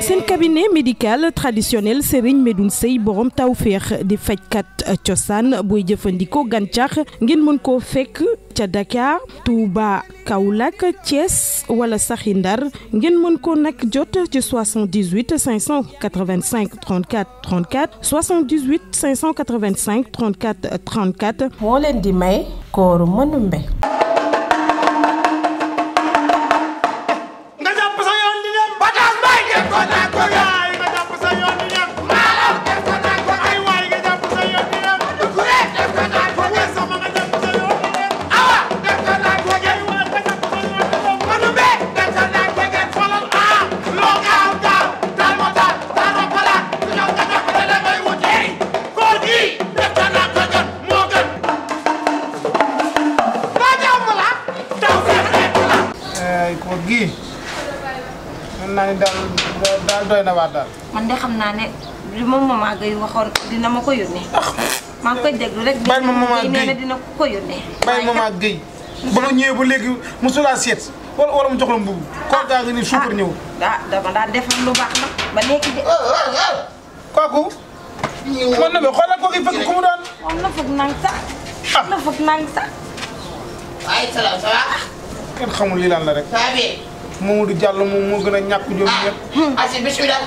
seen cabinet médical traditionnel Serigne Medoun Sey borom tawféex di fajkat cosaan booy jëfandikoo gantiax ngeen mën ko fekk ca Dakar Touba Kaolack Thiès wala Sakhindar Ndar ngeen mën ko nak jot ci 78 585 34 34 78 585 34 34. moo di may kooru mënu mbé. nañ daal daal doy na waar daal. man de xam naa ne li ma maman Gueye waxoon dina ma ko yónnee. Ah. maa ngi koy déglu rek. bay ma maman Gueye dina ko ko yónnee. bay ba ma ñëwee ba léegi mosulaa seet. wala wala mu jox la mbubu. ah kooku daa ngi nii suukar ah. ñëw. ah dama daa defar lu baax nag ba léegi de. Ah, kooku. mën na ba xoolal kooku fekk ku mu doon. moom na foog nang sax. ah la foog nang sax. waaye salaam ça kenn xamul lii lan la rek. Mamadou Diallo moom moo gën a ñàkk jom ñëpp. Asi ah, hmm. bisimilah.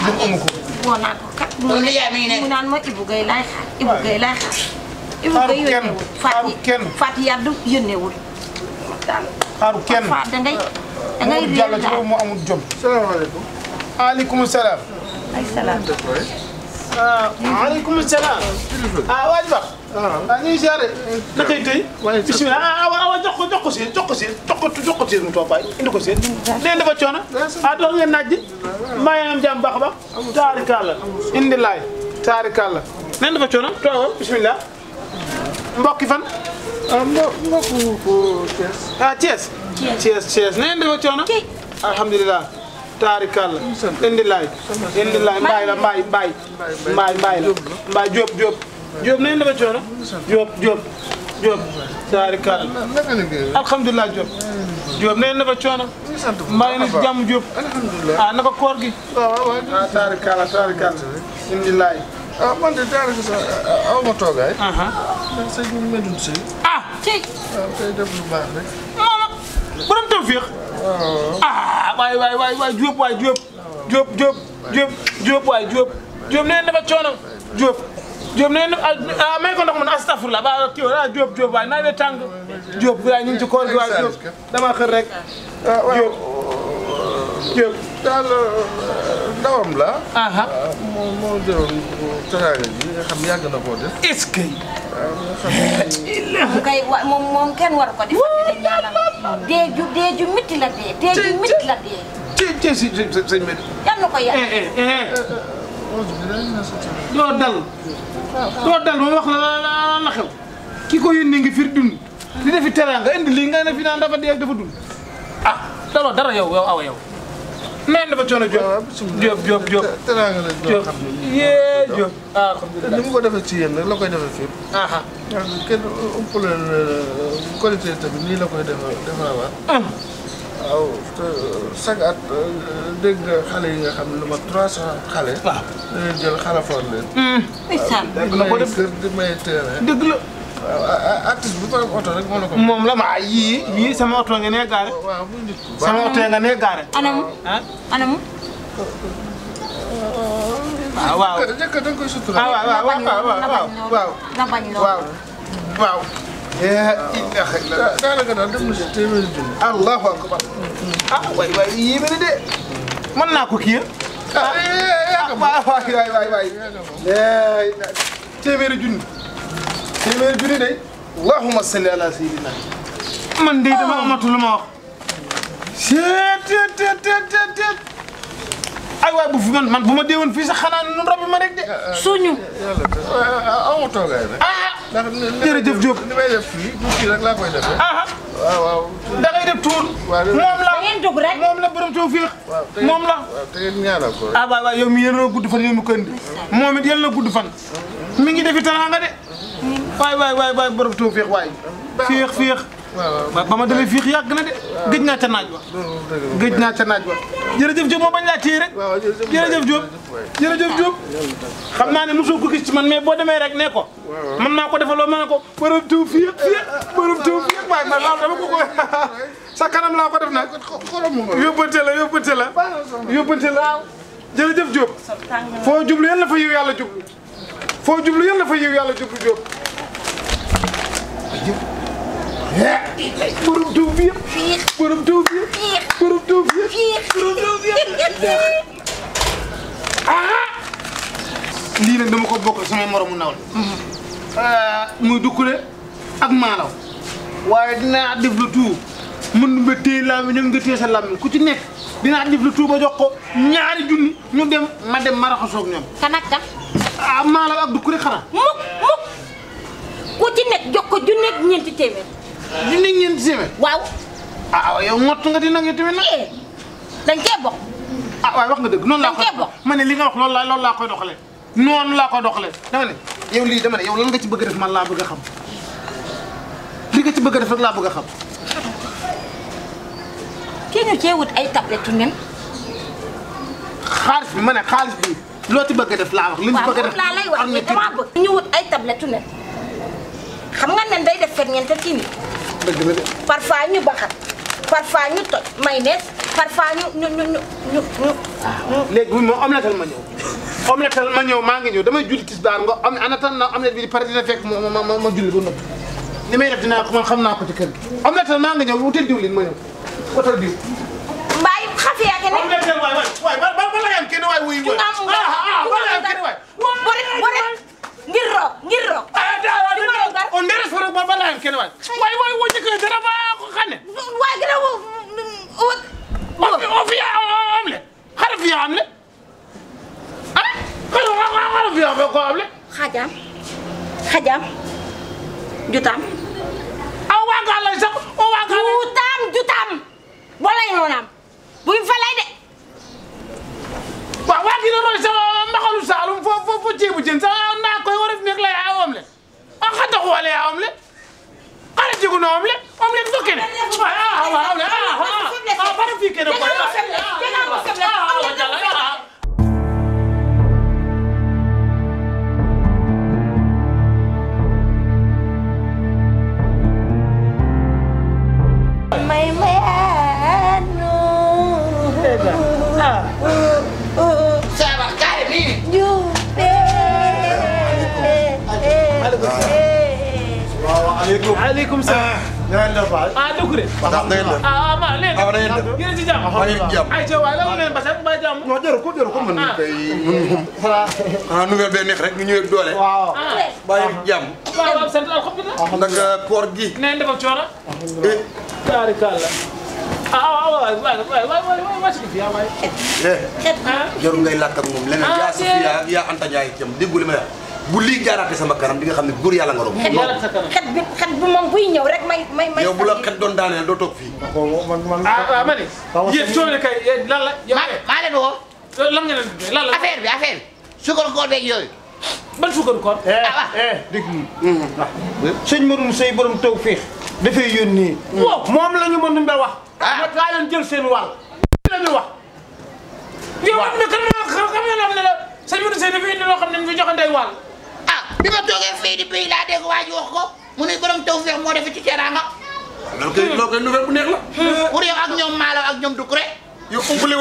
moom amu ko. woo naa ko kat. loolu yaay mi ngi nekk mu naan ma Ibou Guèye laay xaar. Ibou Guèye laay xaar. xaaru kenn xaaru kenn Fatou Yaddu yónneewul. xaaru kenn Fatou da ngay da ngay réer daal Mamadou Diallo ci boobu moo amul jom. salaamaaleykum. maaleykum salaam. ay salaam. maaleykum ah, salaam. ah waaj ba. waaw ah ñuy ziare. naka yi tey. waaye bisimilah ah waaw ah, ah, waaw jox ko jox ko seen jox ko seen jox ko jox ko seen mu toog waay indi ko seen. léegi dafa coono. ah doon ngeen naaj ji. maa ngi am jàmm baax a baax. taarikàlla indi laay taarikàlla. léegi dafa coono toogal bisimilah. mbokki fan. ah mbok mbokku ko Thiès. ah Thiès. Thiès Thiès na ngeen dafa coono. alhamdulilah. taarikàlla indi laay. indi laay mbaay la mbaay mbaay. mbaay mbaay la mbaay Diop Diop. Diop na ngeen coono. Diop Diop Diop. saari kaal alhamdulilah Diop. Diop na ngeen dafa coono. mbaa ngeen si jàmm Diop. Ah, koor gi. Ah, waaw waaw waaw ah, saari kaal saari kaal. indilaay. ah man de daanaka sax aw ma toogaay. ndax sëñ bi def lu baax coono Diop nee na ah may ko ndox man astafurlah ba kii wala Diop Diop waaye naa ngi tàng Diop waaye ñu ngi ci koor gi waaye Diop damaa xër rek. Diop Diop. daal ndawam la. moo moo jëloon teraanga ji nga xam yàgg na koo def. est-ce que. moom kay wa moom moom kenn war ko def. dee ju dee ju mitti la dee. dee ju mitti la dee. tey tey si sëñ bi. yal na ko yàlla. yow dal. toog dal moom wax la la la xew ki ko yónnee ngi fir dund li defi teraanga indi lii nga ne fi naan dafa dee ak dafa dund ah daloo dara yow yow awa yow neen dafa coono Diop ah, Diop Diop Diop teraanga la Diop yee Diop ah, alhamdulilah ni mu ko defee ci yéen nag la koy defee fépp aha ah, kenn umpale collectivité euh, bi nii la koy defee defarawaat waaw te chaque at euh, dégg nga xale yi nga xam ne lu ma trois xale. waaw da ngay jël xalafoon leen. isaan dëgg la ko def kër di may teere. dëgg la. waaw artiste ko am oto rek moom la ma yii yii sama oto nga nee gaare. sama oto nga nee gaare. anamu anamu. ah waaw jëkkër da nga koy sutura. ah waaw waaw waaw waaw. ilaha illa daanaka daal dem na si téeméeri junni allahu akbar ah waay waay yéeme na de mën naa ko kii ah, eh, eh, eh, ah waay waay waay waay téeméeri junni téeméeri junni day allahumma salli ala sayyidina man de dama ah. amatu lu ma wax seet seet seet seet seet ay waay bu fi man man bu ma dee woon fii sax xanaa nun rabbi ma rek de ah, suñu yàlla amu toogaay rek ndax jërëjëf Diop li may def fii laa koy defee. Ah, ah. waaw def tuur. moom la da ngeen dugg rek moom la borom tawfiix. moom la ah waaw waaw yow mi yéen gudd fan yow mi moom it yéen la gudd fan. mi ngi defi teraanga de. waay waay waay waay borom tawfiix waay. fiix fiix. waaw ba ma demee fii yàgg na de gëj naa ca naaj wa gëj naa ca naaj wa jërëjëf Diop moo bañ laa téye rek jërëjëf Diop jërëjëf Diop xam naa ne mosoo ko gis ci man mais boo demee rek ne ko man maa ko defaloo ma ne ko borom taw fii fii borom taw fii waaye man loolu dama ko ko sa kanam laa ko def nag yóbbante la yóbbante la yóbbante la jërëjëf Diop foo jublu yàlla fa yiw yàlla jublu foo borom tuub bi yëpp. borom tuub bi yëpp. borom tuub bi yëpp. borom tuub bi yëpp. ah. lii nag dama ko bokk samay moromu ndaw la. Ah, muy dukkule ak maalaw. waaye dinaa def lu tuub mën nga téye làmmiñ ñoom nga téye sa làmmiñ ku ci nekk dinaa def lu tuub ba jox ko ñaari junni ñu dem ma dem ma raxasoo ak ñoom. kan ak kan. ah maalaw ak dukkule xanaa. mukk mukk ku ci nekk jox ko junni ak ñeenti téeméer. junni ñeent téeméer. waaw. ah yow mottu nga di nag yow tamit nag. Eh, dañ cee bokk. ah waaw wax nga dëgg noonu laa koy. dañ cee bokk ma ne li nga wax loolu laa loolu laa koy doxalee. noonu laa koy doxalee dama ne. yow lii dama ne yow lan nga ci bëgg a def man laa bëgg a xam li nga ci bëgg a def rek laa bëgg a xam. kii ñu cee wut ay tablettes yu nen. xaalis bi ma ne xaalis bi loo ci bëgg a def laa wax. li ñu bëgg a def laa lay wax ni dama bëgg. ñu wut ay tablettes yu nen xam nga nen day def ferñeent kii nii. parfois ñu baxat parfois ñu toj mayonnaise parfois ñu a ñu ñu ñu ñu. Ah, léegi moom omeletal ma ñëw omeletal ma ñëw maa ngi ñëw damay julli tisbaar nga om en attendant omelette bi di pare ma ma ma julli maa ngi ñëw wutal diwlin ma ñëw wutal diw. mbaay xafi yaa ngi ne. omeletal waay waay ba ba la yam kenn waay wuy waay. ngir roog ngir roog. Ah, كده واي واي وجهك ضرب خلنا واي كده وفي عمله خرب فيها عمله خرب أه؟ فيها عمله خدم خدم جتام او قال لي سق او قال جتام جتام ولا ينونام بوين فلاي دي waa kii doon roysa ma xalu saalum fo fo fo ceebu jën sax naa koy war a fi nekk la yaa omle ah xata xuwale yaa omle no omlet? ¡Hombre, ah, Para ah! no para salaamaaleykum. waaleykum salaam. na ngeen def waay. ah dëkk de. waaw na ngeen def ah maa leen. waaw na ngeen def yéen ci jàmm. maa ngi jàmm ayca waay lan leen base ba jàmm. non jërëjëf ko jërëjëf ko mën nañu koy. ah nouvelle bee neex rek ñu ñëwee doole. waaw bàyyi jàmm. waaw waaw sant alhamdulilah. ndax koor gi. na ngeen def ak coono. alhamdulilah. kaari kaar la. ah waaw waaw waaw waaw waaw waaw waaw si biir waay. jarul ngay làkk ak moom leneen yaa Sofia yaa Anta Ndiaye jëm déggu li ma bu lii jaaraate sama kanam di nga xam ne góor yàlla nga romb. xet bi xet bi moom buy ñëw rek may may may. yow bu la xet doon daaneel doo toog fii. man man ah ma ne. yéen coono kay yéen lan la. yow maa leen woo. lan nga leen lan la affaire bi affaire bi. sukar koor beeg yooyu. ban sukar koor. ah waaw eh eh dégg nga. sëñ Madoum Seye borom tawfeex. dafay yónni. waaw moom la ñu mën a wax. ah ma kaa leen jël seen wàll. la ñu wax. waaw yow am na kan la xam nga ne la sëñ Madoum Seye dafay indi loo xam ne ñu joxante ay wàll bi ma fii di bii laa dégg waa ji wax ko mu ne borom tawfeex moo def ci teraanga. loolu kay loolu bu neex la. pour yow ak ñoom Malaw ak ñoom Dukure. yow umpale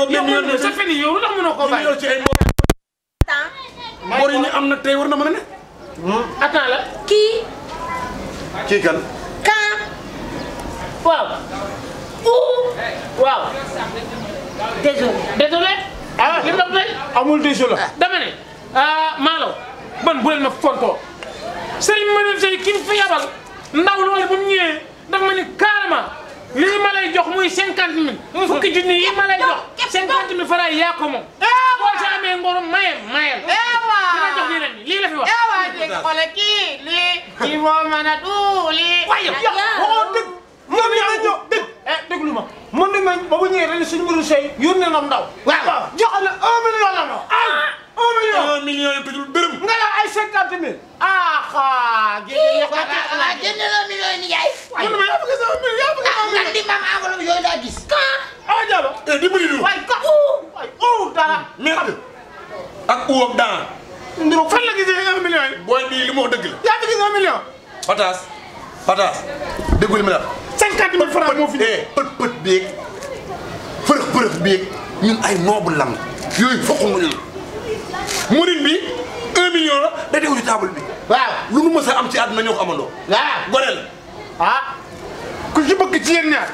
yi am na tey war na mën a ne. Hmm? la. kii. ou. waaw. désolé. Ah. ne ah man bu leen ma fontoo Serigne Mandione Seye ki mu fi yabal ndaw loolu bu mu ñëwee ndax ma ni carrément lii ma lay jox muy cinquante mille. fukki junni yi ma lay jox cinquante mille faraay yaa ko moom. Eh boo ci amee ngorom mayel mayel. dina eh jox lii la fi wax. Eh dégg moo mën a duuli. waaye ma man de ma ba bu ñëwee ren suñu ndaw. waaw la un million la un million million et pétul bërëm. nga def ay cinquante mille. ah xaa. génne la million yi yaay. waaye man yaa bëgg million yaa bëgg million. ah eh, di ma enveloppe yooyu laa gis. kaa ah jaba. eh dimbali ñu. waay ka waay ow dara. merde ak ow ak daan. ndi ma fan la gisee million yi. booy li mu wax dëgg la. yaa gis million. Fataas Fataas déggu li la wax. cinquante francs moo fi eh pët pët beeg ñun ay lam murit bi 1 million la da déglu ci table bi. waaw lu nu mës a am ci àdduna ñoo ko amandoo. waaw goreel ah ku ci bëgg ci yéen ñaar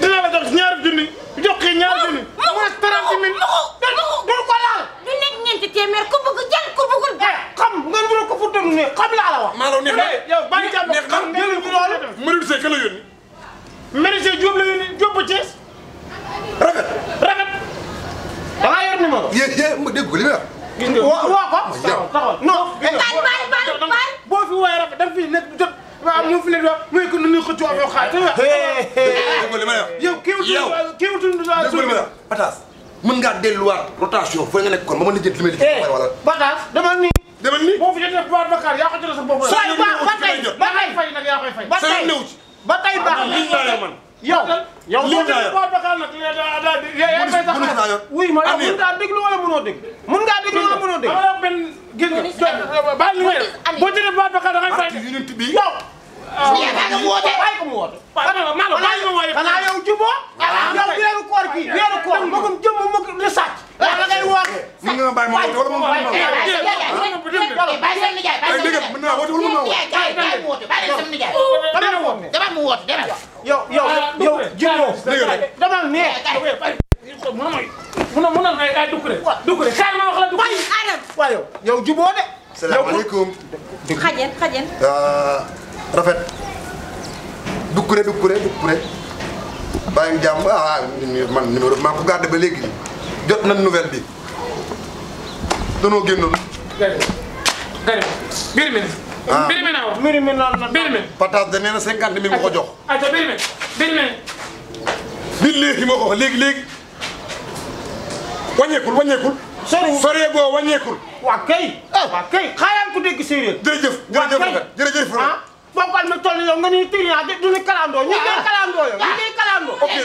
dinaa la jox ñaari junni jox ko ñaari junni. mu mu mu mu mu mu ko laal. du nekk ñeenti téeméer ku jël ku bëggul dara. Eh, xam nga lu ma ko fa doon ne xam laa la wax. maa ngi lay eh, yow bàyyi jàmm ne xam ne lu loolu. Marie Seye ka la yónni. Marie Seye Diop la yónni Diop ba Thiès. rafet rafet. da ngaa yor numéro. gis nga woo woo ko. taxaw taxaw non. boo fi woowee rafet da nga fi nekk jot. waaw ñu fi leen wax muy que nu ñuy xëccoo ak yow xaar te wax. dégg li ma wax. yow kii wutul kii wutul Pataas mën ngaa delluwaat rotation fooy nga nekk kon ba mën na jënd li may liggéey. Eh, wala Pataas demal nii. demal nii boo fi jotee pouvoir Bakar yaa ko jëlee sa bopp. soo ba ba tey ba tey fay nag yaa koy fay. ba tey ba tey baax ah, yow yow li nga ko Dakar nag yaa yaa fay sa xaalis wuy ma yow mun ngaa déglu wala mënoo dégg mun ngaa déglu wala mënoo dégg dama la benn gis nga bàyyi li ngay def boo jëlee ba Dakar da ngay fay yow bàyyi ko mu woote xanaa yow juboo yow weeru koor kii weeru koor magum jëmm mag la ngay wax. mën nga ma bàyyi ma woote wala ma ma woote. bàyyi ma woote. bàyyi bàyyi woote bàyyi yow yow yow jëndoo. dama xajeen xajeen. Euh, rafet. dukkure dukkure dukkure. bàyyi jàmm ah, ah man numéro maa ba léegi. jot nañ nouvelle bi danoo génnoon. gërëm gërëm birime. ah birime naa wax. birime naa la birime. Patas da nee na cinquante mille ma ko jox. ayca birime birime. billahi ma ko wax léegi léegi wàññeekul wàññeekul. soriwul soriwul boo wàññeekul. waa kay. ah waa kay xaaraan ku dégg séeréer. jërëjëf jërëjëf Fane jërëjëf Fane. ah bokkal ma toll yow nga ni tur yaa du ñu kalandoo ñu ngi kalandoo yow ah. ñu ngi kalandoo.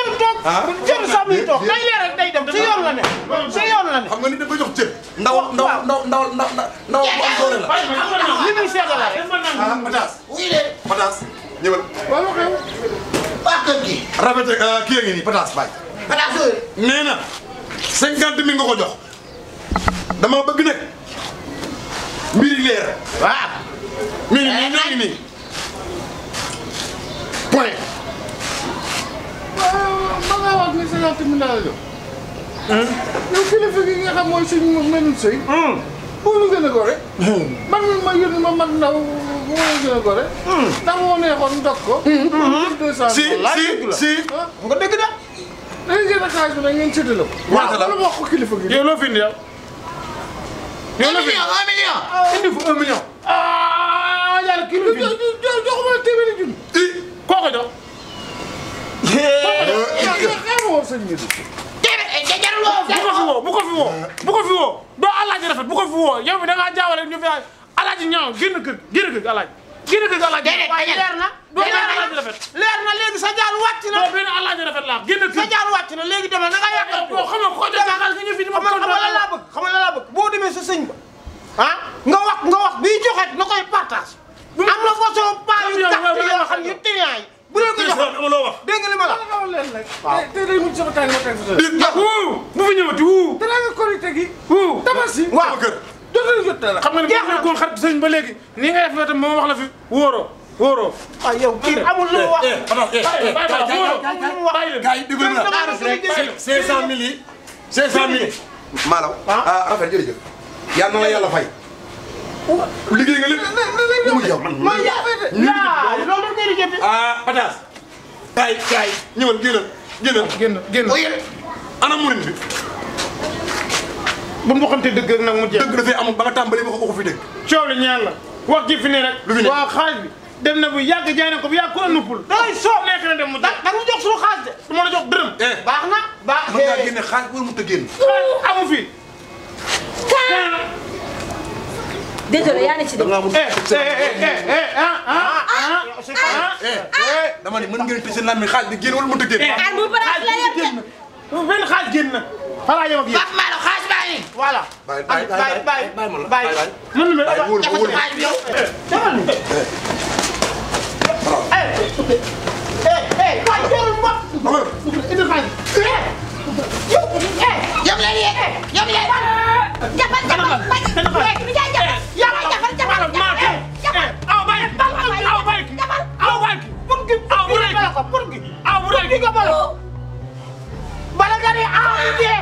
ah cër sax mi toog day leeral day dem si yoon la ne si yoon la ne. xam ni dafa jox cër. ndaw ndaw ndaw ndaw ndaw bu am doole la. li muy seetla la rek. ah Matas. wuy ngi nii Matas nee na cinquante mille nga ko jox dama bëgg nag mbir leer. waaw. mbir yi nii nii point. ñaata milliards la yow kilifa gi mooy suñu menul sëy pour lu a gore man mi ma yónni ma man ndaw bu ma gën a gore ndax moo neexoon dog ko deux cent si si bu ko dégg da da ngeen jël xaalis bi nag ngeen séddale ko wax ko kilifa gi yow loo fi indi yow yow loo fi indi un million ah, indi fu un million ah yàlla kii lu joxuma woo sëñ Modou. déedéet jarul woo. jarul woo bu ko fi woo bu ko fi woo doo alaaji rafet bu ko fi woo yow mi da ngaa jaawale ñu fi alaaji ñaaw génn kër génn kër alaaji. génn kër alaaji waaye leer na. doo benn alaaji rafet leer na léegi sa jaar wàcc na. doo benn alaaji rafet laa génn kër sa jaar wàcc na léegi demal na nga yàqal. boo xam nga ko jot a nga ñëw fi di ma xam nga la laa bëgg xam nga la laa bëgg boo demee sa sëñ ba ah nga wax nga wax bii joxe na koy partage am na façon paa yu tax yoo xam yu tiyaan yi bu leen ko joxoon am loo wax. dégg nga li ma la wax. te day mujj sama tànn ma teg sa bu fi ñëwati wuu. dara nga korite gi. wuu tabaski waaw kër. dootul jot dara xam nga ne boo nekkoon xarit sëñ ba léegi nii nga def la tam moom wax la fi wóoroo wóoroo. ah yow kii amul lu wax. bàyyi bàyyi wóoroo bàyyi leen bàyyi leen 500000 yi 500000. Malaw ah affaire ah, jërëjëf yal na la yàlla fay liggéey nga lépp. ma yow man ma yow. waaw loolu la ngay liggéey. ah Pataas. kaay kaay ñëwal génnal génnal. génn génn ooyee. ana murin bi. bu mu waxante dëgg rek nag mu jeex. dëgg dafay amul ba nga tàmbalee ba ko ko fi dégg. coow li ñaan la wax ji fi ne rek. lu fi ne waaw xaalis bi. dem na bu yàgg jaay na ko bu yàgg ku la nuppul. day soo nekk na dem mu da nga jox suñu xaalis de. du ma la jox dërëm. Eh. baax na baax. mën ngaa eh. génne xaalis wala mënut a amu fi. désolé yaa ne ci dëgg. Ah, eh, ah. eh, dama ne mën ngeen tëj seen làmmiñ xaalis bi génn wala mënut a génn. xaalis eh, xaalis génn na. fa laa yem ak yéen Pape Malo xaalis baa ngi. voilà. bàyyi bàyyi bàyyi bàyyi bàyyi bàyyi mën na la wóolu wóolu xaalis bi yow. demal ni. yow leen yéen yow leen ka purgi aw ah, purgi ka balo bala gari aw ite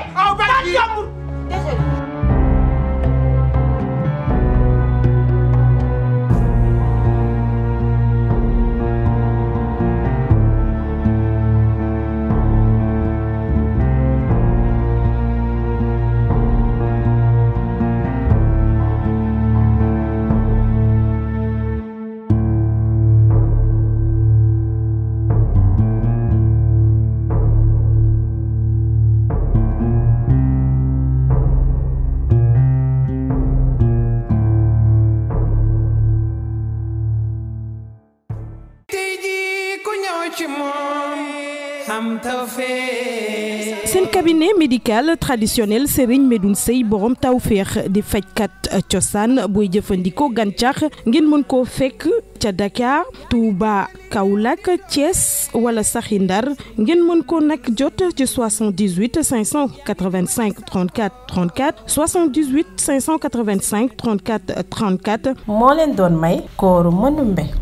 sen un cabinet médical traditionnel Serigne Medoune Sey borom de di fajkat cosaan booy jëfandikoo gàncax ngeen mën ko fekk Dakar Touba Kaolack Thiès wala saxi Ndar ko jot ci 78 585 34 34 78 585 34 34. moo may kooru